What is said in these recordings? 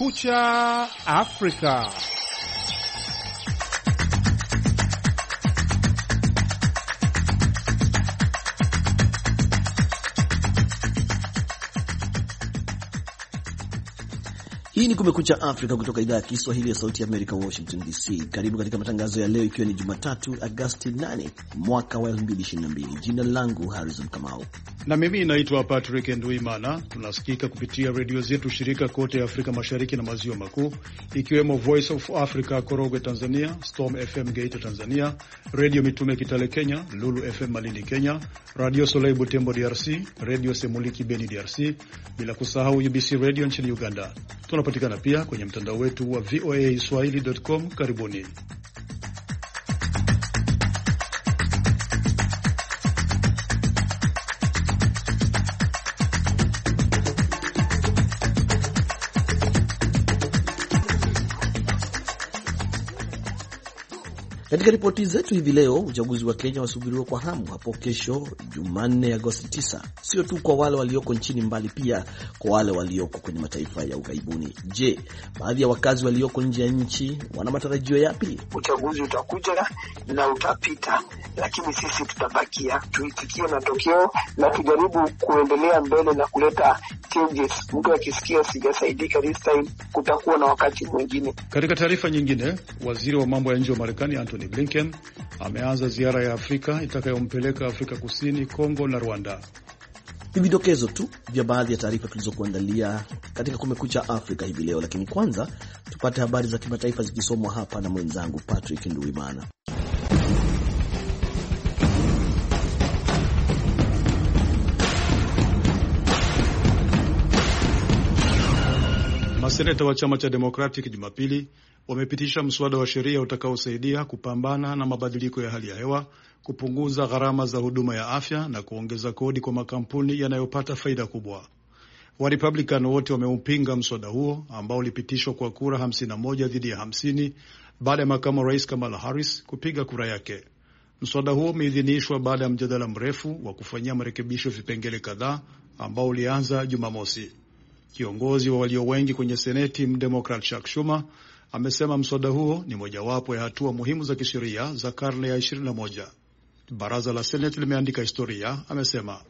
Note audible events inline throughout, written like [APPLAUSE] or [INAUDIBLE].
Kumekucha Afrika. Hii ni Kumekucha Afrika kutoka idhaa ya Kiswahili ya Sauti Amerika, Washington DC. Karibu katika matangazo ya leo, ikiwa ni Jumatatu Agosti 8 mwaka wa 2022. Jina langu Harrison Kamau na mimi naitwa Patrick Nduimana. Tunasikika kupitia redio zetu shirika kote Afrika Mashariki na Maziwa Makuu, ikiwemo Voice of Africa Korogwe Tanzania, Storm FM Geita Tanzania, Redio Mitume Kitale Kenya, Lulu FM Malindi Kenya, Radio Soleil Butembo DRC, Redio Semuliki Beni DRC, bila kusahau UBC Radio nchini Uganda. Tunapata Tunapatikana pia kwenye mtandao wetu wa voa swahili.com. Karibuni. Katika ripoti zetu hivi leo, uchaguzi wa Kenya wasubiriwa kwa hamu hapo kesho Jumanne, Agosti 9, sio tu kwa wale walioko nchini, mbali pia kwa wale walioko kwenye mataifa ya ughaibuni. Je, baadhi ya wakazi walioko nje ya nchi wana matarajio yapi? Uchaguzi utakuja na utapita, lakini sisi tutabakia, tuitikie matokeo na tujaribu kuendelea mbele na kuleta changes. Mtu akisikia sijasaidika this time, kutakuwa na wakati mwingine. Katika taarifa nyingine, waziri wa mambo ya nje wa Marekani Antony Blinken ameanza ziara ya Afrika itakayompeleka Afrika Kusini, Kongo na Rwanda. Ni vidokezo tu vya baadhi ya taarifa tulizokuandalia katika Kumekucha Afrika hivi leo, lakini kwanza tupate habari za kimataifa zikisomwa hapa na mwenzangu Patrick Nduwimana. Maseneta wa chama cha Democratic Jumapili wamepitisha mswada wa sheria utakaosaidia kupambana na mabadiliko ya hali ya hewa, kupunguza gharama za huduma ya afya na kuongeza kodi kwa makampuni yanayopata faida kubwa. Republican wote wameupinga mswada huo ambao ulipitishwa kwa kura 51 dhidi ya 50 baada ya makamu rais Kamala Harris kupiga kura yake. Mswada huo umeidhinishwa baada ya mjadala mrefu wa kufanyia marekebisho vipengele kadhaa ambao ulianza Jumamosi. Kiongozi wa walio wengi kwenye Seneti mdemokrat Chuck Schumer amesema mswada huo ni mojawapo ya hatua muhimu za kisheria za karne ya 21. Baraza la Seneti limeandika historia, amesema.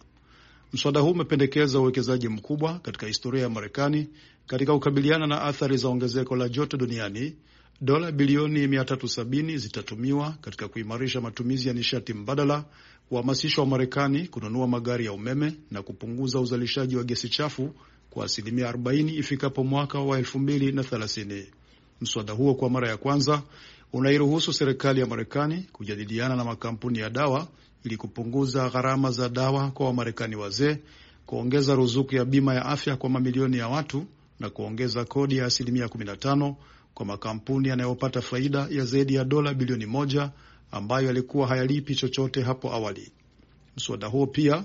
Mswada huu umependekeza uwekezaji mkubwa katika historia ya Marekani katika kukabiliana na athari za ongezeko la joto duniani. Dola bilioni 370 zitatumiwa katika kuimarisha matumizi ya nishati mbadala, kuhamasisha marekani kununua magari ya umeme na kupunguza uzalishaji wa gesi chafu kwa asilimia 40 ifikapo mwaka wa 2030. Mswada huo kwa mara ya kwanza unairuhusu serikali ya Marekani kujadiliana na makampuni ya dawa ili kupunguza gharama za dawa kwa Wamarekani wazee, kuongeza ruzuku ya bima ya afya kwa mamilioni ya watu na kuongeza kodi ya asilimia 15 kwa makampuni yanayopata faida ya zaidi ya dola bilioni moja ambayo yalikuwa hayalipi chochote hapo awali. Mswada huo pia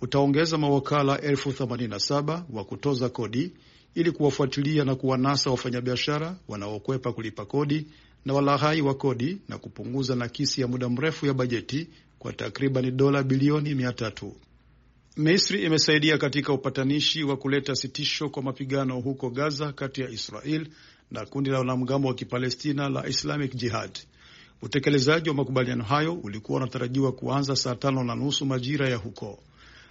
utaongeza mawakala elfu themanini na saba wa kutoza kodi ili kuwafuatilia na kuwanasa wafanyabiashara wanaokwepa kulipa kodi na walahai wa kodi na kupunguza nakisi ya muda mrefu ya bajeti kwa takriban dola bilioni mia tatu. Misri imesaidia katika upatanishi wa kuleta sitisho kwa mapigano huko Gaza kati ya Israel na kundi la wanamgambo wa Kipalestina la Islamic Jihad. Utekelezaji wa makubaliano hayo ulikuwa unatarajiwa kuanza saa tano na nusu majira ya huko.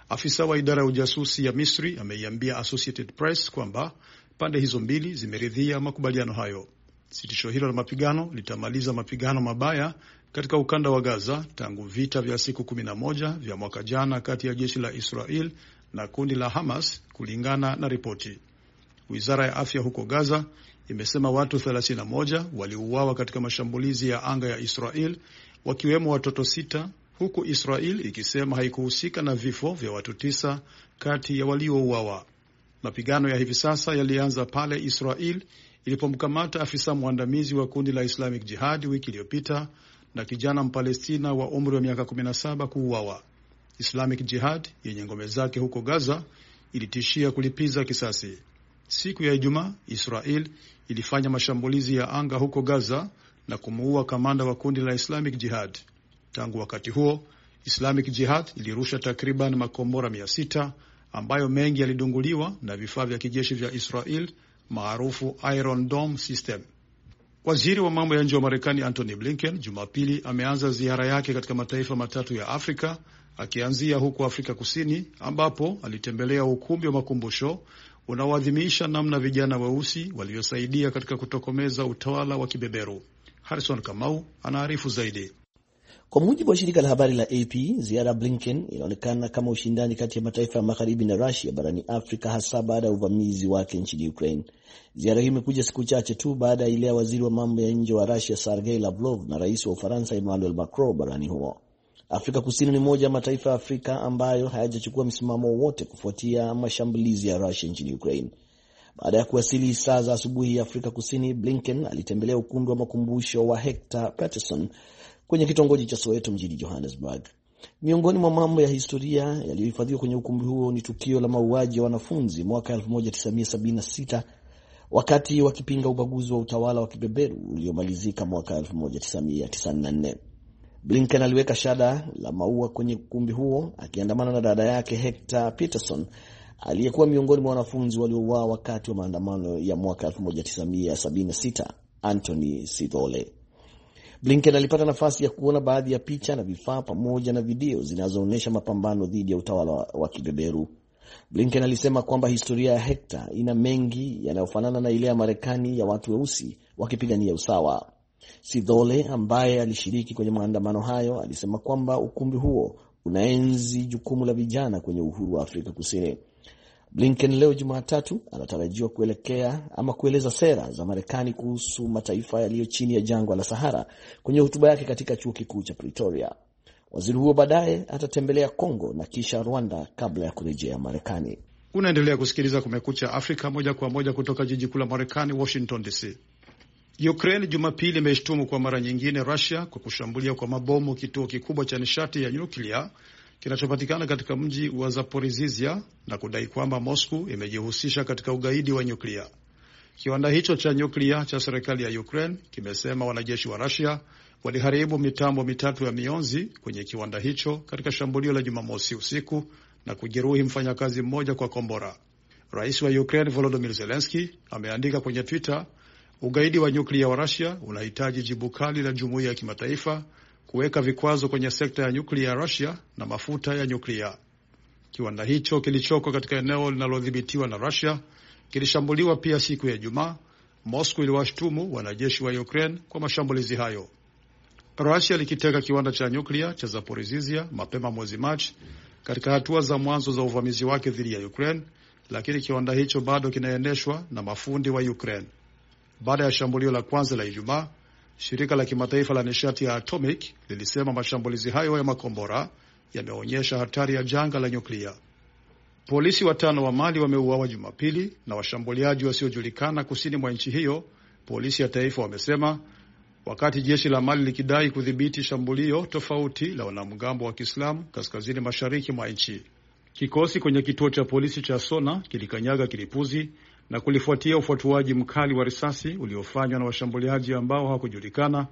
Afisa wa idara ya ujasusi ya Misri ameiambia Associated Press kwamba pande hizo mbili zimeridhia makubaliano hayo. Sitisho hilo la mapigano litamaliza mapigano mabaya katika ukanda wa Gaza tangu vita vya siku 11 vya mwaka jana kati ya jeshi la Israel na kundi la Hamas, kulingana na ripoti. Wizara ya afya huko Gaza imesema watu 31 waliuawa katika mashambulizi ya anga ya Israel, wakiwemo watoto sita huku Israel ikisema haikuhusika na vifo vya watu tisa kati ya waliouawa. Mapigano ya hivi sasa yalianza pale Israel ilipomkamata afisa mwandamizi wa kundi la Islamic Jihad wiki iliyopita na kijana Mpalestina wa umri wa miaka 17 kuuawa. Islamic Jihad yenye ngome zake huko Gaza ilitishia kulipiza kisasi. Siku ya Ijumaa, Israel ilifanya mashambulizi ya anga huko Gaza na kumuua kamanda wa kundi la Islamic Jihad. Tangu wakati huo Islamic Jihad ilirusha takriban makombora sita ambayo mengi yalidunguliwa na vifaa vya kijeshi vya Israel maarufu Iron Dome System. Waziri wa mambo ya nje wa Marekani Antony Blinken Jumapili ameanza ziara yake katika mataifa matatu ya Afrika akianzia huko Afrika Kusini ambapo alitembelea ukumbi wa makumbusho unaoadhimisha namna vijana weusi waliosaidia katika kutokomeza utawala wa kibeberu. Harrison Kamau anaarifu zaidi. Kwa mujibu wa shirika la habari la AP, ziara Blinken inaonekana kama ushindani kati ya mataifa ya magharibi na Rusia barani Afrika, hasa baada ya uvamizi wake nchini Ukraine. Ziara hii imekuja siku chache tu baada ya ile ya waziri wa mambo ya nje wa Rusia Sergei Lavrov na rais wa Ufaransa Emmanuel Macron barani humo. Afrika Kusini ni moja ya mataifa ya Afrika ambayo hayajachukua msimamo wowote kufuatia mashambulizi ya Rusia nchini Ukraine. Baada ya kuwasili saa za asubuhi ya Afrika Kusini, Blinken alitembelea ukumbi wa makumbusho wa Hector Peterson kwenye kitongoji cha Soweto mjini Johannesburg. Miongoni mwa mambo ya historia yaliyohifadhiwa kwenye ukumbi huo ni tukio la mauaji ya wanafunzi mwaka 1976 wakati wakipinga ubaguzi wa utawala wa kibeberu uliomalizika mwaka 1994. Blinken aliweka shada la maua kwenye ukumbi huo akiandamana na dada yake Hector Peterson aliyekuwa miongoni mwa wanafunzi waliouawa wakati wa maandamano ya mwaka 1976, Anthony Sithole. Blinken alipata nafasi ya kuona baadhi ya picha na vifaa pamoja na video zinazoonyesha mapambano dhidi ya utawala wa kibeberu. Blinken alisema kwamba historia ya Hekta ina mengi yanayofanana na ile ya Marekani ya watu weusi wakipigania usawa. Sidhole ambaye alishiriki kwenye maandamano hayo alisema kwamba ukumbi huo unaenzi jukumu la vijana kwenye uhuru wa Afrika Kusini. Blinken leo Jumatatu anatarajiwa kuelekea ama kueleza sera za Marekani kuhusu mataifa yaliyo chini ya jangwa la Sahara kwenye hotuba yake katika chuo kikuu cha Pretoria. Waziri huo baadaye atatembelea Kongo na kisha Rwanda kabla ya kurejea Marekani. Unaendelea kusikiliza Kumekucha Afrika moja kwa moja kutoka jiji kuu la Marekani, Washington DC. Ukraine Jumapili imeshtumu kwa mara nyingine Rusia kwa kushambulia kwa mabomu kituo kikubwa cha nishati ya nyuklia kinachopatikana katika mji wa Zaporizhia na kudai kwamba Moscow imejihusisha katika ugaidi wa nyuklia. Kiwanda hicho cha nyuklia cha serikali ya Ukraine kimesema wanajeshi wa Rusia waliharibu mitambo mitatu ya mionzi kwenye kiwanda hicho katika shambulio la Jumamosi usiku na kujeruhi mfanyakazi mmoja kwa kombora. Rais wa Ukraine Volodymyr Zelensky ameandika kwenye Twitter, ugaidi wa nyuklia wa Rusia unahitaji jibu kali la jumuiya ya kimataifa kuweka vikwazo kwenye sekta ya nyuklia ya Rusia na mafuta ya nyuklia. Kiwanda hicho kilichoko katika eneo linalodhibitiwa na Rusia kilishambuliwa pia siku ya Ijumaa. Moscow iliwashtumu wanajeshi wa Ukraine kwa mashambulizi hayo. Rusia ilikiteka kiwanda cha nyuklia cha Zaporizhzhia mapema mwezi Machi katika hatua za mwanzo za uvamizi wake dhidi ya Ukraine, lakini kiwanda hicho bado kinaendeshwa na mafundi wa Ukraine. Baada ya shambulio la kwanza la Ijumaa, Shirika la kimataifa la nishati ya atomic lilisema mashambulizi hayo ya makombora yameonyesha hatari ya janga la nyuklia. Polisi watano wa Mali wameuawa Jumapili na washambuliaji wasiojulikana kusini mwa nchi hiyo, polisi ya taifa wamesema, wakati jeshi la Mali likidai kudhibiti shambulio tofauti la wanamgambo wa Kiislamu kaskazini mashariki mwa nchi. Kikosi kwenye kituo cha polisi cha Sona kilikanyaga kilipuzi na kulifuatia ufuatuaji mkali wa risasi uliofanywa na washambuliaji ambao hawakujulikana,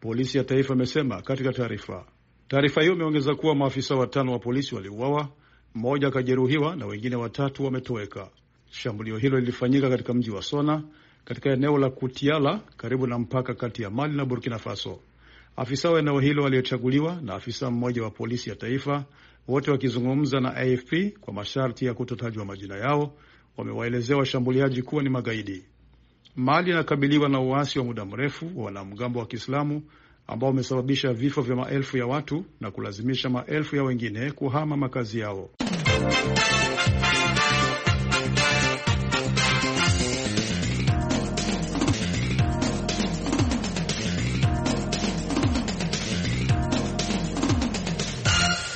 polisi ya taifa imesema katika taarifa. Taarifa hiyo imeongeza kuwa maafisa watano wa polisi waliuawa, mmoja akajeruhiwa na wengine watatu wametoweka. Shambulio hilo lilifanyika katika mji wa Sona katika eneo la Kutiala karibu na mpaka kati ya Mali na Burkina Faso. Afisa wa eneo hilo aliyechaguliwa na afisa mmoja wa polisi ya taifa, wote wakizungumza na AFP kwa masharti ya kutotajwa majina yao, wamewaelezea washambuliaji kuwa ni magaidi. Mali inakabiliwa na uasi wa muda mrefu wa wanamgambo wa Kiislamu ambao wamesababisha vifo vya maelfu ya watu na kulazimisha maelfu ya wengine kuhama makazi yao.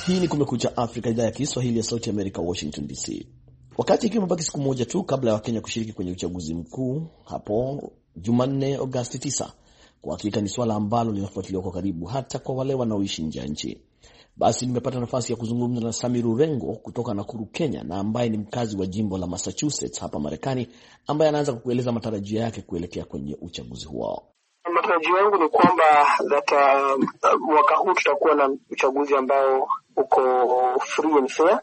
Hii ni Kumekucha Afrika, idhaa ya Kiswahili ya Sauti Amerika, Washington DC. Wakati ikiwa mabaki siku moja tu kabla ya Wakenya kushiriki kwenye uchaguzi mkuu hapo Jumanne, Agosti 9. Kwa hakika ni swala ambalo linafuatiliwa kwa karibu hata kwa wale wanaoishi nje ya nchi. Basi nimepata nafasi ya kuzungumza na Samiru Rengo kutoka Nakuru, Kenya, na ambaye ni mkazi wa jimbo la Massachusetts hapa Marekani, ambaye anaanza kukueleza matarajio yake kuelekea kwenye uchaguzi huo. Matarajio yangu ni kwamba that uh, mwaka huu tutakuwa na uchaguzi ambao uko free and fair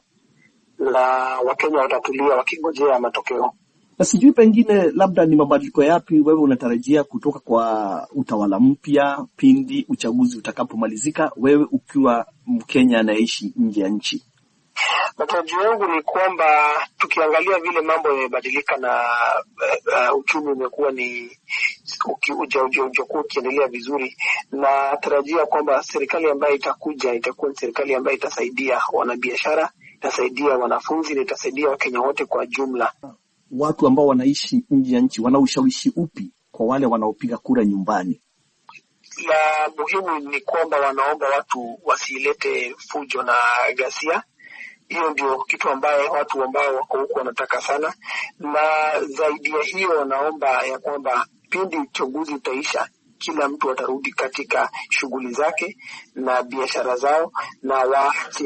la Wakenya watatulia wakingojea matokeo. Na sijui pengine labda ni mabadiliko yapi wewe unatarajia kutoka kwa utawala mpya pindi uchaguzi utakapomalizika, wewe ukiwa Mkenya anayeishi nje ya nchi? Matarajio yangu ni kwamba tukiangalia vile mambo yamebadilika na uh, uchumi umekuwa ni ujakuwa ukiendelea vizuri, na tarajia kwamba serikali ambayo itakuja itakuwa ni serikali ambayo itasaidia wanabiashara itasaidia wanafunzi na itasaidia Wakenya wote kwa jumla. Watu ambao wanaishi nje ya nchi wana ushawishi upi kwa wale wanaopiga kura nyumbani? La muhimu ni kwamba wanaomba watu wasilete fujo na ghasia. Hiyo ndio kitu ambaye watu ambao wako huku wanataka sana, na zaidi ya hiyo wanaomba ya kwamba pindi uchaguzi utaisha kila mtu atarudi katika shughuli zake na biashara zao, na waache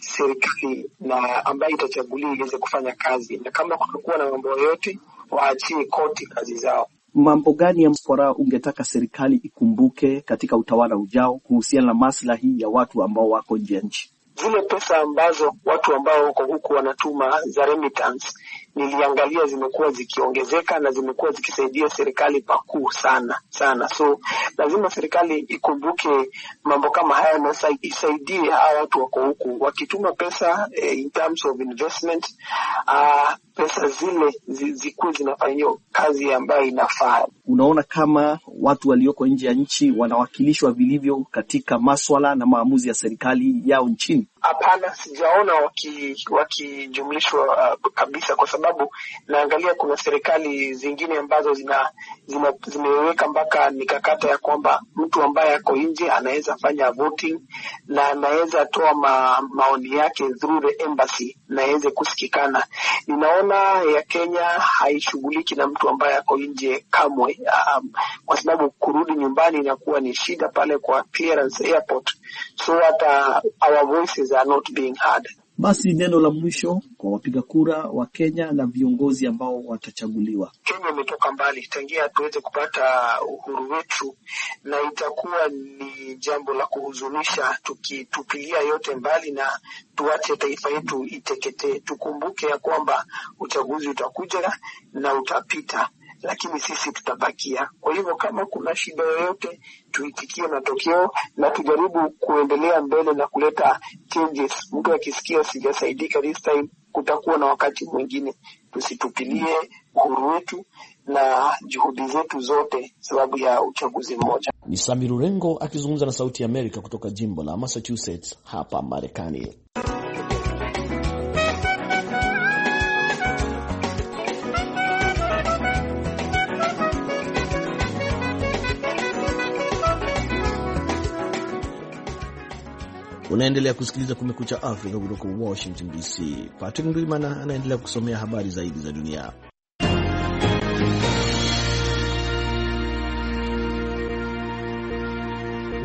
serikali na ambayo itachagulia iweze kufanya kazi, na kama kutakuwa na mambo yoyote, waachie koti kazi zao. Mambo gani ya mswara ungetaka serikali ikumbuke katika utawala ujao kuhusiana na maslahi ya watu ambao wako nje ya nchi? Zile pesa ambazo watu ambao wako huku wanatuma za remittance niliangalia zimekuwa zikiongezeka na zimekuwa zikisaidia serikali pakuu sana sana. So lazima serikali ikumbuke mambo kama haya na isaidie hawa watu wako huku wakituma pesa eh, in terms of investment uh, pesa zile zikuwe zinafanyiwa kazi ambayo inafaa. Unaona kama watu walioko nje ya nchi wanawakilishwa vilivyo katika maswala na maamuzi ya serikali yao nchini? Hapana, sijaona wakijumlishwa waki uh, kabisa, kwa sababu naangalia kuna serikali zingine ambazo zina zimeweka mpaka mikakata ya kwamba mtu ambaye ako nje anaweza fanya voting na anaweza toa ma, maoni yake through the embassy na aweze kusikikana. Ninaona ya Kenya haishughuliki na mtu ambaye ako nje kamwe, um, kwa sababu kurudi nyumbani inakuwa ni shida pale kwa clearance airport, so hata our voices are not being heard. Basi neno la mwisho kwa wapiga kura wa Kenya na viongozi ambao watachaguliwa. Kenya imetoka mbali tangia tuweze kupata uhuru wetu, na itakuwa ni jambo la kuhuzunisha tukitupilia yote mbali na tuache taifa yetu iteketee. Tukumbuke ya kwamba uchaguzi utakuja na utapita lakini sisi tutabakia. Kwa hivyo kama kuna shida yoyote, tuitikie matokeo na tujaribu kuendelea mbele na kuleta changes. Mtu akisikia sijasaidika this time, kutakuwa na wakati mwingine. Tusitupilie uhuru wetu na juhudi zetu zote sababu ya uchaguzi mmoja. Ni Samir Urengo akizungumza na Sauti ya Amerika kutoka jimbo la Massachusetts hapa Marekani. Unaendelea kusikiliza Kumekucha Afrika kutoka Washington DC. Patrick Ndwimana anaendelea kusomea habari zaidi za dunia.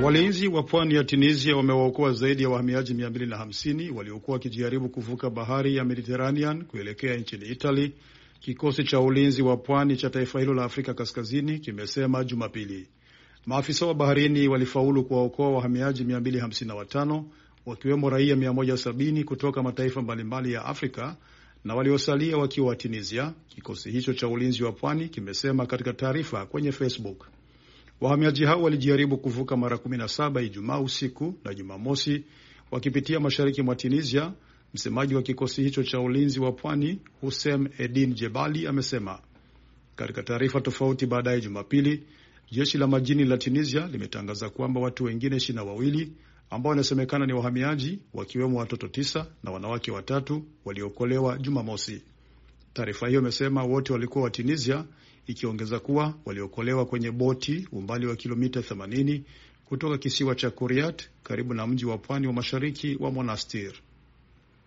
Walinzi wa pwani ya Tunisia wamewaokoa zaidi ya wahamiaji 250 waliokuwa wakijaribu kuvuka bahari ya Mediterranean kuelekea nchini Italy, kikosi cha ulinzi wa pwani cha taifa hilo la Afrika Kaskazini kimesema Jumapili. Maafisa wa baharini walifaulu kuwaokoa wahamiaji 255 wakiwemo raia 170 kutoka mataifa mbalimbali ya Afrika na waliosalia wakiwa wa Tunisia. Kikosi hicho cha ulinzi wa pwani kimesema katika taarifa kwenye Facebook. Wahamiaji hao walijaribu kuvuka mara 17 Ijumaa usiku na Jumamosi wakipitia mashariki mwa Tunisia. Msemaji wa kikosi hicho cha ulinzi wa pwani Hussein Edin Jebali amesema katika taarifa tofauti baadaye Jumapili Jeshi la majini la Tunisia limetangaza kwamba watu wengine ishirini na wawili ambao wanasemekana ni wahamiaji wakiwemo watoto tisa na wanawake watatu waliokolewa Jumamosi. Taarifa hiyo imesema wote walikuwa wa Tunisia, ikiongeza kuwa waliokolewa kwenye boti umbali wa kilomita 80 kutoka kisiwa cha Kuriat karibu na mji wa pwani wa mashariki wa Monastir.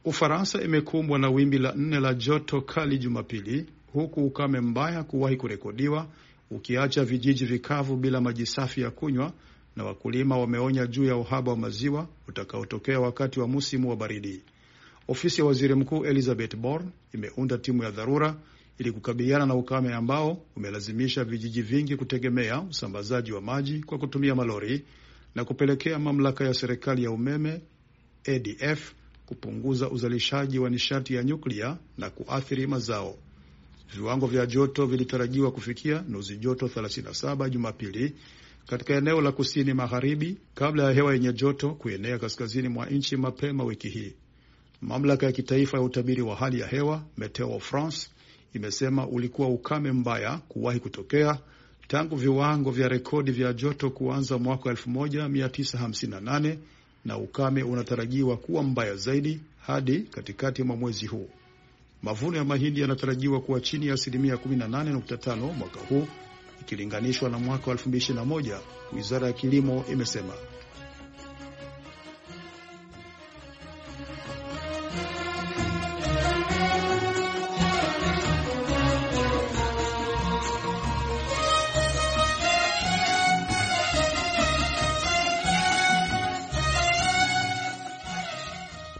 Ufaransa imekumbwa na wimbi la nne la joto kali Jumapili, huku ukame mbaya kuwahi kurekodiwa ukiacha vijiji vikavu bila maji safi ya kunywa, na wakulima wameonya juu ya uhaba wa maziwa utakaotokea wakati wa msimu wa baridi. Ofisi ya waziri mkuu Elizabeth Borne imeunda timu ya dharura ili kukabiliana na ukame ambao umelazimisha vijiji vingi kutegemea usambazaji wa maji kwa kutumia malori na kupelekea mamlaka ya serikali ya umeme ADF kupunguza uzalishaji wa nishati ya nyuklia na kuathiri mazao. Viwango vya joto vilitarajiwa kufikia nyuzi joto 37 Jumapili katika eneo la kusini magharibi kabla ya hewa yenye joto kuenea kaskazini mwa nchi mapema wiki hii. Mamlaka ya kitaifa ya utabiri wa hali ya hewa Meteo France imesema ulikuwa ukame mbaya kuwahi kutokea tangu viwango vya rekodi vya joto kuanza mwaka 1958 na ukame unatarajiwa kuwa mbaya zaidi hadi katikati mwa mwezi huu. Mavuno ya mahindi yanatarajiwa kuwa chini ya asilimia 18.5 mwaka huu ikilinganishwa na mwaka wa 2021, wizara ya kilimo imesema.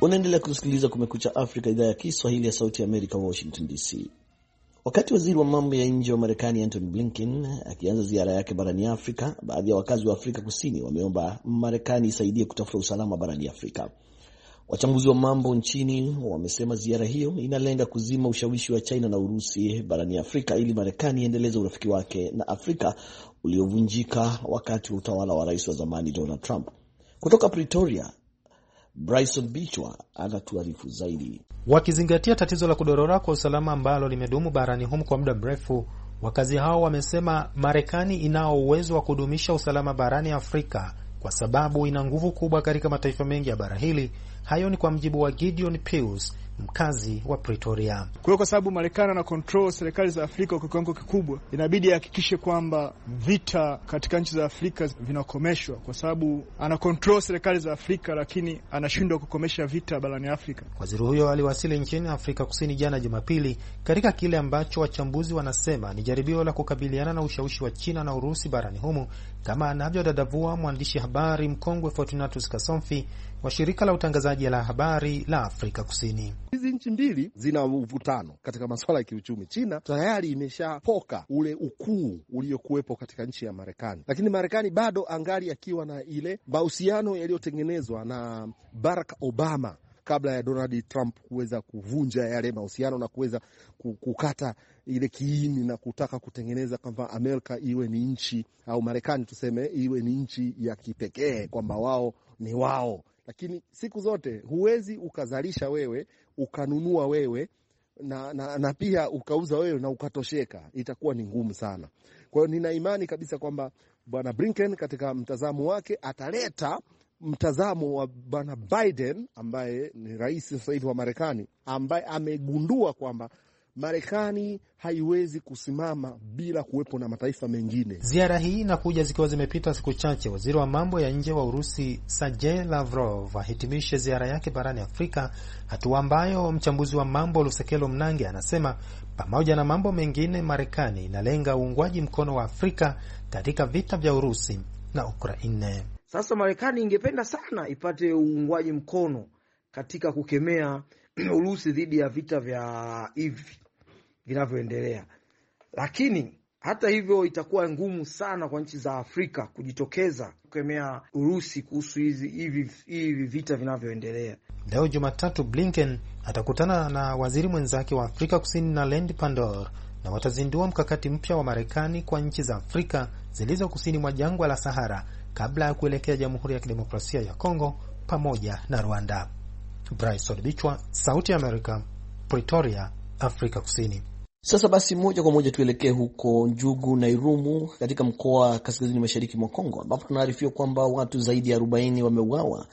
Unaendelea kusikiliza Kumekucha Afrika, idhaa ya Kiswahili ya Sauti ya Amerika, Washington DC. Wakati waziri wa mambo ya nje wa Marekani Antony Blinken akianza ziara yake barani Afrika, baadhi ya wakazi wa Afrika Kusini wameomba Marekani isaidie kutafuta usalama barani Afrika. Wachambuzi wa mambo nchini wamesema ziara hiyo inalenga kuzima ushawishi wa China na Urusi barani Afrika ili Marekani iendeleze urafiki wake na Afrika uliovunjika wakati wa utawala wa rais wa zamani Donald Trump. Kutoka Pretoria, Bryson Bichwa anatuarifu zaidi. Wakizingatia tatizo la kudorora kwa usalama ambalo limedumu barani humu kwa muda mrefu, wakazi hao wamesema Marekani inao uwezo wa kudumisha usalama barani Afrika kwa sababu ina nguvu kubwa katika mataifa mengi ya bara hili. Hayo ni kwa mjibu wa Gideon Pius, mkazi wa Pretoria. Kwa hiyo kwa sababu Marekani ana kontrol serikali za Afrika kwa kiwango kikubwa, inabidi ahakikishe kwamba vita katika nchi za Afrika vinakomeshwa, kwa sababu ana kontrol serikali za Afrika, lakini anashindwa kukomesha vita barani Afrika. Waziri huyo aliwasili nchini Afrika Kusini jana Jumapili, katika kile ambacho wachambuzi wanasema ni jaribio la kukabiliana na ushawishi wa China na Urusi barani humu kama anavyodadavua mwandishi habari mkongwe Fortunatus Kasomfi wa shirika la utangazaji la habari la Afrika Kusini. Hizi nchi mbili zina uvutano katika masuala ya kiuchumi. China tayari imeshapoka ule ukuu uliokuwepo katika nchi ya Marekani, lakini Marekani bado angali akiwa na ile mahusiano yaliyotengenezwa na Barack Obama kabla ya Donald Trump kuweza kuvunja yale mahusiano na kuweza kukata ile kiini na kutaka kutengeneza kwamba Amerika iwe ni nchi au Marekani tuseme iwe ni nchi ya kipekee kwamba wao ni wao. Lakini siku zote huwezi ukazalisha wewe ukanunua wewe na, na, na pia ukauza wewe na ukatosheka, itakuwa ni ngumu sana. Kwa hiyo nina imani kabisa kwamba Bwana Blinken katika mtazamo wake ataleta mtazamo wa bwana Biden ambaye ni rais sasa hivi wa Marekani, ambaye amegundua kwamba Marekani haiwezi kusimama bila kuwepo na mataifa mengine. Ziara hii inakuja zikiwa zimepita siku chache waziri wa mambo ya nje wa Urusi Sergei Lavrov ahitimishe ziara yake barani Afrika, hatua ambayo mchambuzi wa mambo Lusekelo Mnange anasema pamoja na mambo mengine, Marekani inalenga uungwaji mkono wa Afrika katika vita vya Urusi na Ukraine. Sasa Marekani ingependa sana ipate uungwaji mkono katika kukemea [CLEARS THROAT] Urusi dhidi ya vita vya hivi vinavyoendelea, lakini hata hivyo itakuwa ngumu sana kwa nchi za Afrika kujitokeza kukemea Urusi kuhusu hivi vita vinavyoendelea. Leo Jumatatu, Blinken atakutana na waziri mwenzake wa Afrika Kusini na land Pandor na watazindua mkakati mpya wa Marekani kwa nchi za Afrika zilizo kusini mwa jangwa la Sahara kabla ya kuelekea Jamhuri ya Kidemokrasia ya Kongo pamoja na Rwanda. Bryce Bichwa, Sauti ya Amerika, Pretoria, Afrika Kusini. Sasa basi, moja kwa moja tuelekee huko Njugu na Irumu katika mkoa wa kaskazini mashariki mwa Kongo, ambapo tunaarifiwa kwamba watu zaidi ya 40 wameuawa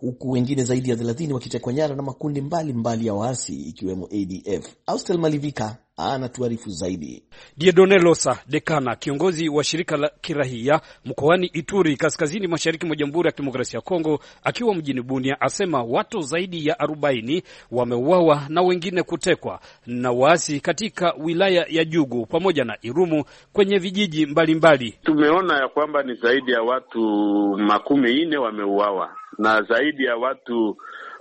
huku wengine zaidi ya 30 wakitekwa nyara na makundi mbalimbali mbali ya waasi ikiwemo ADF. Austel Malivika anatuarifu zaidi. Diedone Losa Dekana, kiongozi wa shirika la kirahia mkoani Ituri, kaskazini mashariki mwa Jamhuri ya Kidemokrasia ya Kongo, akiwa mjini Bunia, asema watu zaidi ya 40 wameuawa na wengine kutekwa na waasi katika wilaya ya Jugu pamoja na Irumu kwenye vijiji mbalimbali mbali. Tumeona ya kwamba ni zaidi ya watu makumi nne wameuawa na zaidi ya watu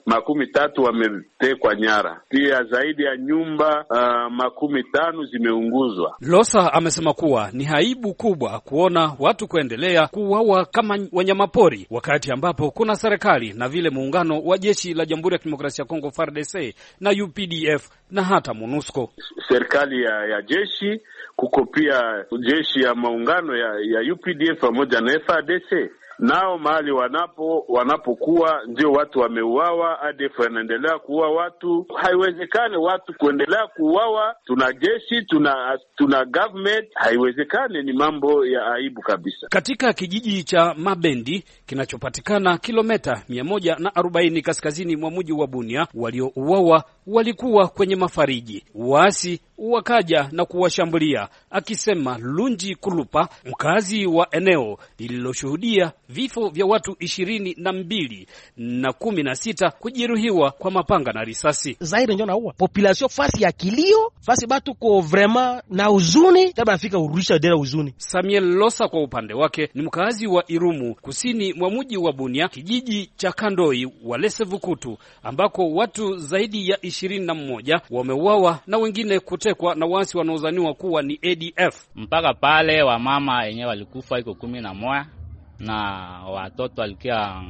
makumi tatu wametekwa nyara, pia zaidi ya nyumba uh, makumi tano zimeunguzwa. Losa amesema kuwa ni haibu kubwa kuona watu kuendelea kuuawa kama wanyamapori wakati ambapo kuna serikali na vile muungano wa jeshi la Jamhuri ya Kidemokrasia ya Kongo FARDC na UPDF na hata MONUSCO. Serikali ya, ya jeshi kuko pia jeshi ya maungano ya, ya UPDF pamoja na FARDC nao mahali wanapo wanapokuwa ndio watu wameuawa. ADF wanaendelea kuua watu, haiwezekani watu kuendelea kuuawa. Tuna jeshi, tuna tuna government, haiwezekani. Ni mambo ya aibu kabisa. Katika kijiji cha Mabendi kinachopatikana kilometa mia moja na arobaini kaskazini mwa mji wa Bunia, waliouawa walikuwa kwenye mafariji, waasi wakaja na kuwashambulia, akisema Lunji Kulupa, mkazi wa eneo lililoshuhudia vifo vya watu ishirini na mbili na kumi na sita kujeruhiwa kwa mapanga na risasi. Zaire njo naua populasio fasi ya kilio, fasi batu ko vrema na uzuni taba nafika urudisha dera uzuni. Samuel Losa kwa upande wake ni mkazi wa Irumu, kusini mwa mji wa Bunia, kijiji cha Kandoi Lesevukutu, ambako watu zaidi ya ishirini na mmoja wameuawa na wengine kutekwa na waasi wanaozaniwa kuwa ni ADF. Mpaka pale wamama wenyewe walikufa iko kumi na moja na watoto walikia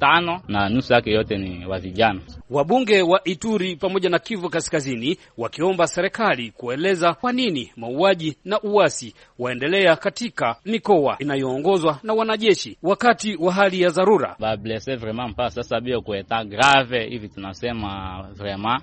tano na nusu yake yote ni wa vijana. Wabunge wa Ituri pamoja na Kivu Kaskazini wakiomba serikali kueleza kwa nini mauaji na uasi waendelea katika mikoa inayoongozwa na wanajeshi wakati wa hali ya dharura. Bablese vraiment mpaka sasa bio kueta grave hivi tunasema vraiment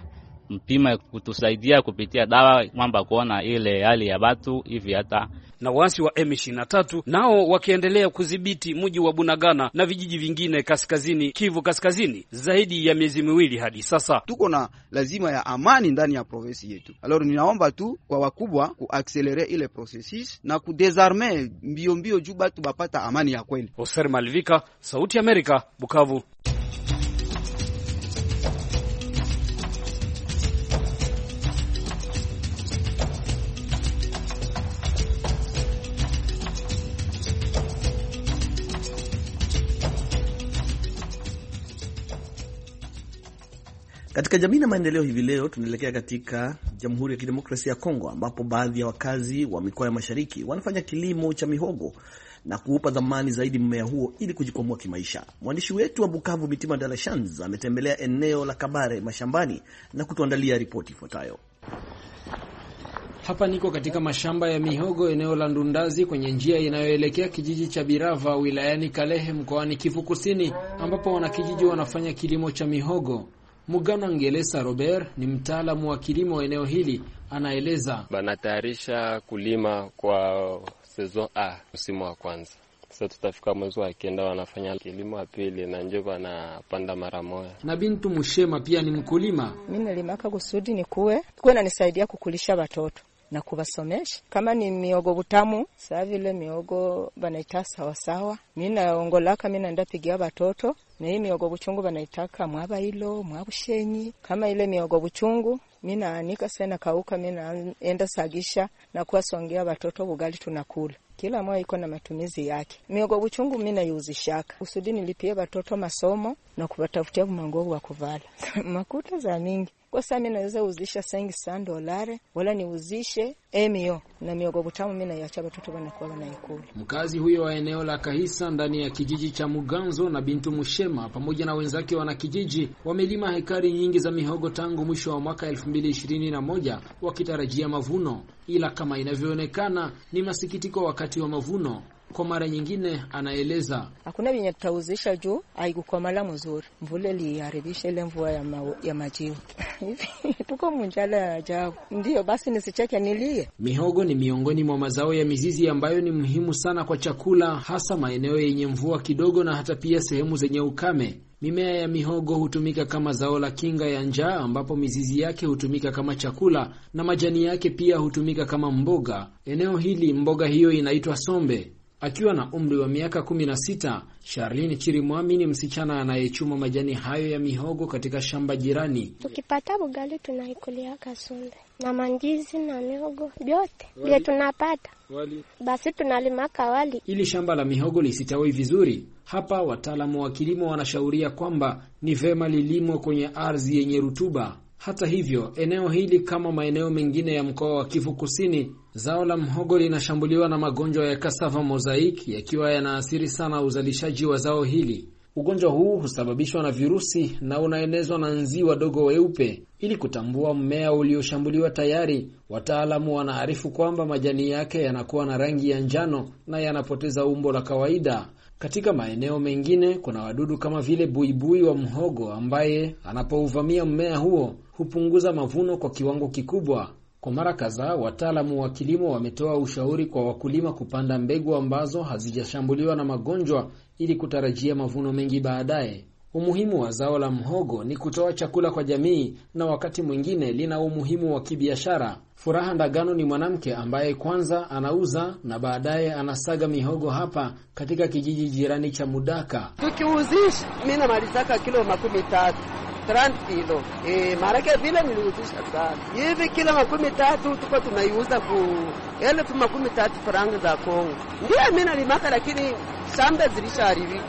mpima kutusaidia kupitia dawa mwamba kuona ile hali ya watu hivi. Hata na waasi wa M23 nao wakiendelea kudhibiti mji wa Bunagana na vijiji vingine kaskazini Kivu Kaskazini zaidi ya miezi miwili hadi sasa. Tuko na lazima ya amani ndani ya provinsi yetu. Alors ninaomba tu kwa wakubwa kuakselere ile processus na kudesarme mbio mbio juu batu bapata amani ya kweli. Oser Malvika, Sauti ya Amerika, Bukavu. Katika jamii na maendeleo, hivi leo tunaelekea katika Jamhuri ya Kidemokrasia ya Kongo, ambapo baadhi ya wakazi wa mikoa ya mashariki wanafanya kilimo cha mihogo na kuupa dhamani zaidi mmea huo ili kujikwamua kimaisha. Mwandishi wetu wa Bukavu, Mitima Dalashans, ametembelea eneo la Kabare mashambani na kutuandalia ripoti ifuatayo. Hapa niko katika mashamba ya mihogo eneo la Ndundazi kwenye njia inayoelekea kijiji cha Birava wilayani Kalehe mkoani Kivu Kusini, ambapo wanakijiji wanafanya kilimo cha mihogo. Mugano Angelesa Robert ni mtaalamu wa kilimo eneo hili, anaeleza banatayarisha kulima kwa sezon A, ah, msimu wa kwanza. Sasa tutafika mwezi wa kenda, wanafanya kilimo wa pili na njo wanapanda mara moja. Na Bintu Mushema pia ni mkulima. Mi nalimaka kusudi ni kuwe kuwe nanisaidia kukulisha watoto na kubasomesha kama ni miogo butamu saa vile miogo banaita sawasawa, naenda pigia batoto na hii miogo buchungu banaitaka mwabailo mwabushenyi. Kama ile miogo buchungu mi naanika sena kauka, mi naenda sagisha na kuwasongea batoto bugali tunakula kila mwa iko na matumizi yake. Miogo buchungu mi naiuzishaka kusudi nilipie batoto masomo na kubatafutia bumanguo bwa kuvala [LAUGHS] makuta za mingi kwa sasa mi naweza uzisha sengi sana dolare wala niuzishe emio na miogo butamu, mi naiacha batoto na ikulu. Mkazi huyo wa eneo la Kahisa ndani ya kijiji cha Muganzo na Bintu Mushema pamoja na wenzake wanakijiji wamelima hekari nyingi za mihogo tangu mwisho wa mwaka moja wakitarajia mavuno, ila kama inavyoonekana ni masikitiko wakati wa mavuno kwa mara nyingine, anaeleza hakuna vyenye tutauzisha juu aikukomala mzuri, mvule liharibisha ile mvua ya, ma, ya majivu [LAUGHS] tuko munjala ya ajabu. Ndiyo basi nisicheke nilie. Mihogo ni miongoni mwa mazao ya mizizi ambayo ni muhimu sana kwa chakula, hasa maeneo yenye mvua kidogo na hata pia sehemu zenye ukame. Mimea ya mihogo hutumika kama zao la kinga ya njaa, ambapo mizizi yake hutumika kama chakula na majani yake pia hutumika kama mboga. Eneo hili mboga hiyo inaitwa sombe. Akiwa na umri wa miaka 16, charlin Chirimwami ni msichana anayechuma majani hayo ya mihogo katika shamba jirani. Tukipata bugali tunaikulia kasunde na mandizi na mihogo vyote vile tunapata wali. Basi tunalima kawali ili shamba la mihogo lisitawi vizuri. Hapa wataalamu wa kilimo wanashauria kwamba ni vema lilimwe kwenye ardhi yenye rutuba hata hivyo, eneo hili kama maeneo mengine ya mkoa wa Kivu Kusini, zao la mhogo linashambuliwa na magonjwa ya kasava mosaic yakiwa yanaathiri sana uzalishaji wa zao hili. Ugonjwa huu husababishwa na virusi na unaenezwa na nzi wadogo weupe. Ili kutambua mmea ulioshambuliwa tayari, wataalamu wanaarifu kwamba majani yake yanakuwa na rangi ya njano na yanapoteza umbo la kawaida. Katika maeneo mengine kuna wadudu kama vile buibui wa mhogo ambaye anapouvamia mmea huo hupunguza mavuno kwa kiwango kikubwa. Kwa mara kadhaa, wataalamu wa kilimo wametoa ushauri kwa wakulima kupanda mbegu ambazo hazijashambuliwa na magonjwa ili kutarajia mavuno mengi baadaye. Umuhimu wa zao la mhogo ni kutoa chakula kwa jamii na wakati mwingine lina umuhimu wa kibiashara. Furaha Ndagano ni mwanamke ambaye kwanza anauza na baadaye anasaga mihogo hapa katika kijiji jirani cha Mudaka. Tukiuzisha, mi namalizaka kilo makumi tatu 20 eh, kilo e, marake vile niliuzisha sana hivi kila makumi tatu tuko tunaiuza ku elfu makumi tatu faranga za Kongo. Ndiyo mimi nalimaka, lakini shamba zilishaharibika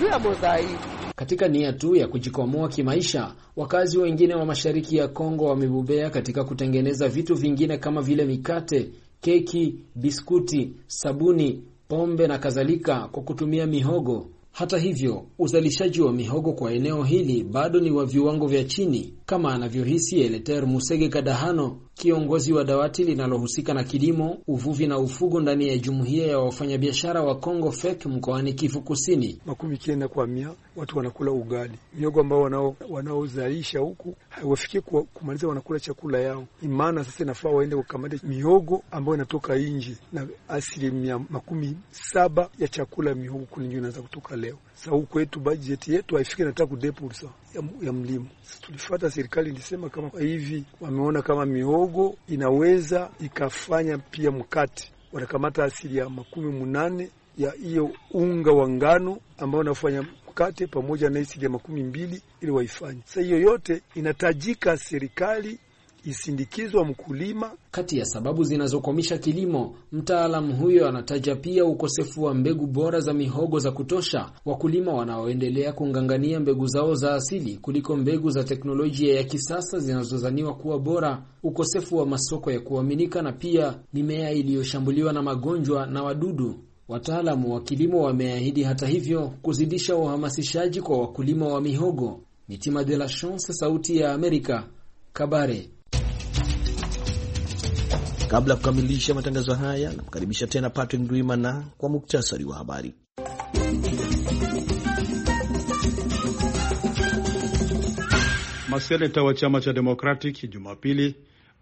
juu ya mozaiki. Katika nia tu ya kujikwamua kimaisha, wakazi wengine wa mashariki ya Kongo wamebobea katika kutengeneza vitu vingine kama vile mikate, keki, biskuti, sabuni, pombe na kadhalika kwa kutumia mihogo. Hata hivyo, uzalishaji wa mihogo kwa eneo hili bado ni wa viwango vya chini, kama anavyohisi Eleter Musege Kadahano, kiongozi wa dawati linalohusika na kilimo, uvuvi na ufugo ndani ya jumuiya ya wafanyabiashara wa congo FEC mkoani Kivu Kusini. makumi kienda kwa mia watu wanakula ugali, miogo ambao wanao wanaozalisha huku haiwafikie kumaliza, wanakula chakula yao. Maana sasa inafaa waende kukamata miogo ambayo inatoka nje, na asilimia makumi saba ya chakula ya miogo kuninjio inaweza kutoka leo. Sa huku kwetu bajeti yetu haifiki nata kudepursa ya, ya mlimo. Tulifata serikali ilisema kama hivi wameona kama miogo kidogo inaweza ikafanya pia mkate. Wanakamata asili ya makumi munane ya hiyo unga wa ngano ambao unafanya mkate pamoja na asili ya makumi mbili ili waifanye. Sasa hiyo yote inatajika serikali isindikizwa mkulima. Kati ya sababu zinazokwamisha kilimo, mtaalamu huyo anataja pia ukosefu wa mbegu bora za mihogo za kutosha, wakulima wanaoendelea kung'ang'ania mbegu zao za asili kuliko mbegu za teknolojia ya kisasa zinazozaniwa kuwa bora, ukosefu wa masoko ya kuaminika, na pia mimea iliyoshambuliwa na magonjwa na wadudu. Wataalamu wa kilimo wameahidi hata hivyo kuzidisha uhamasishaji kwa wakulima wa mihogo. Mitima de la Chance, Sauti ya Amerika, Kabare. Kabla ya kukamilisha matangazo haya, namkaribisha tena Patrick Ndwimana kwa muktasari wa habari. Maseneta wa chama cha Democratic Jumapili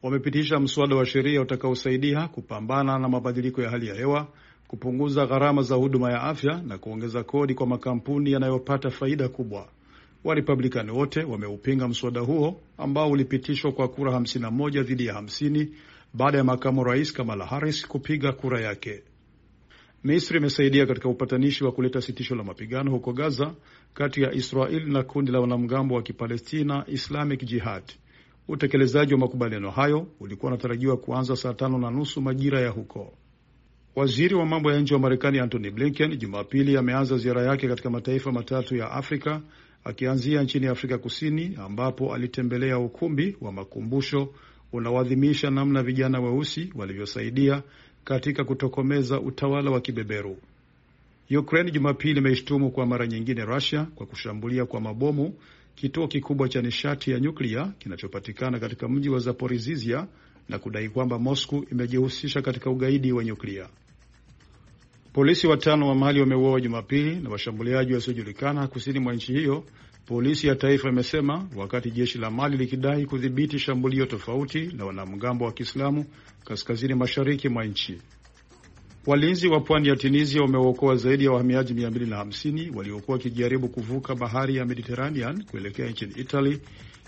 wamepitisha mswada wa sheria utakaosaidia kupambana na mabadiliko ya hali ya hewa, kupunguza gharama za huduma ya afya na kuongeza kodi kwa makampuni yanayopata faida kubwa. Warepublikani wote wameupinga mswada huo ambao ulipitishwa kwa kura 51 dhidi ya baada ya makamu rais Kamala Harris kupiga kura yake. Misri imesaidia katika upatanishi wa kuleta sitisho la mapigano huko Gaza kati ya Israel na kundi la wanamgambo wa Kipalestina Islamic Jihad. Utekelezaji wa makubaliano hayo ulikuwa unatarajiwa kuanza saa tano na nusu majira ya huko. Waziri wa mambo ya nje wa Marekani Antony Blinken Jumapili ameanza ziara yake katika mataifa matatu ya Afrika akianzia nchini Afrika Kusini ambapo alitembelea ukumbi wa makumbusho unaoadhimisha namna vijana weusi walivyosaidia katika kutokomeza utawala wa kibeberu. Ukraine Jumapili imeishtumu kwa mara nyingine Rusia kwa kushambulia kwa mabomu kituo kikubwa cha nishati ya nyuklia kinachopatikana katika mji wa Zaporizhia na kudai kwamba Moscow imejihusisha katika ugaidi wa nyuklia. Polisi watano wa Mali wameuawa Jumapili na washambuliaji wasiojulikana kusini mwa nchi hiyo Polisi ya taifa imesema wakati jeshi la Mali likidai kudhibiti shambulio tofauti na wanamgambo wa Kiislamu kaskazini mashariki mwa nchi. Walinzi wa pwani ya Tunisia wameokoa zaidi ya wahamiaji 250 waliokuwa wakijaribu kuvuka bahari ya Mediterranean kuelekea nchini Italy,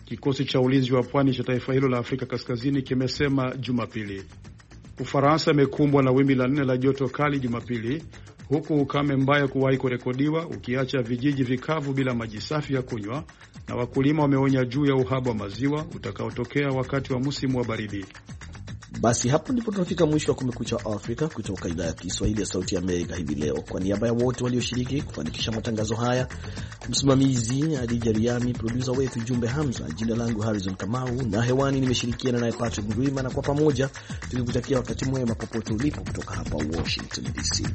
kikosi cha ulinzi wa pwani cha taifa hilo la Afrika kaskazini kimesema Jumapili. Ufaransa imekumbwa na wimbi la nne la joto kali Jumapili huku ukame mbaya kuwahi kurekodiwa ukiacha vijiji vikavu bila maji safi ya kunywa, na wakulima wameonya juu ya uhaba wa maziwa utakaotokea wakati wa msimu wa baridi. Basi hapo ndipo tunafika mwisho wa Kumekucha Afrika kutoka idhaa ya Kiswahili ya Sauti ya Amerika hivi leo. Kwa niaba ya wote walioshiriki kufanikisha matangazo haya, msimamizi Adija Riami, produsa wetu Jumbe Hamza, jina langu Harrison Kamau na hewani nimeshirikiana naye Patrick Ndwima, na kwa pamoja tukikutakia wakati mwema popote ulipo kutoka hapa Washington DC.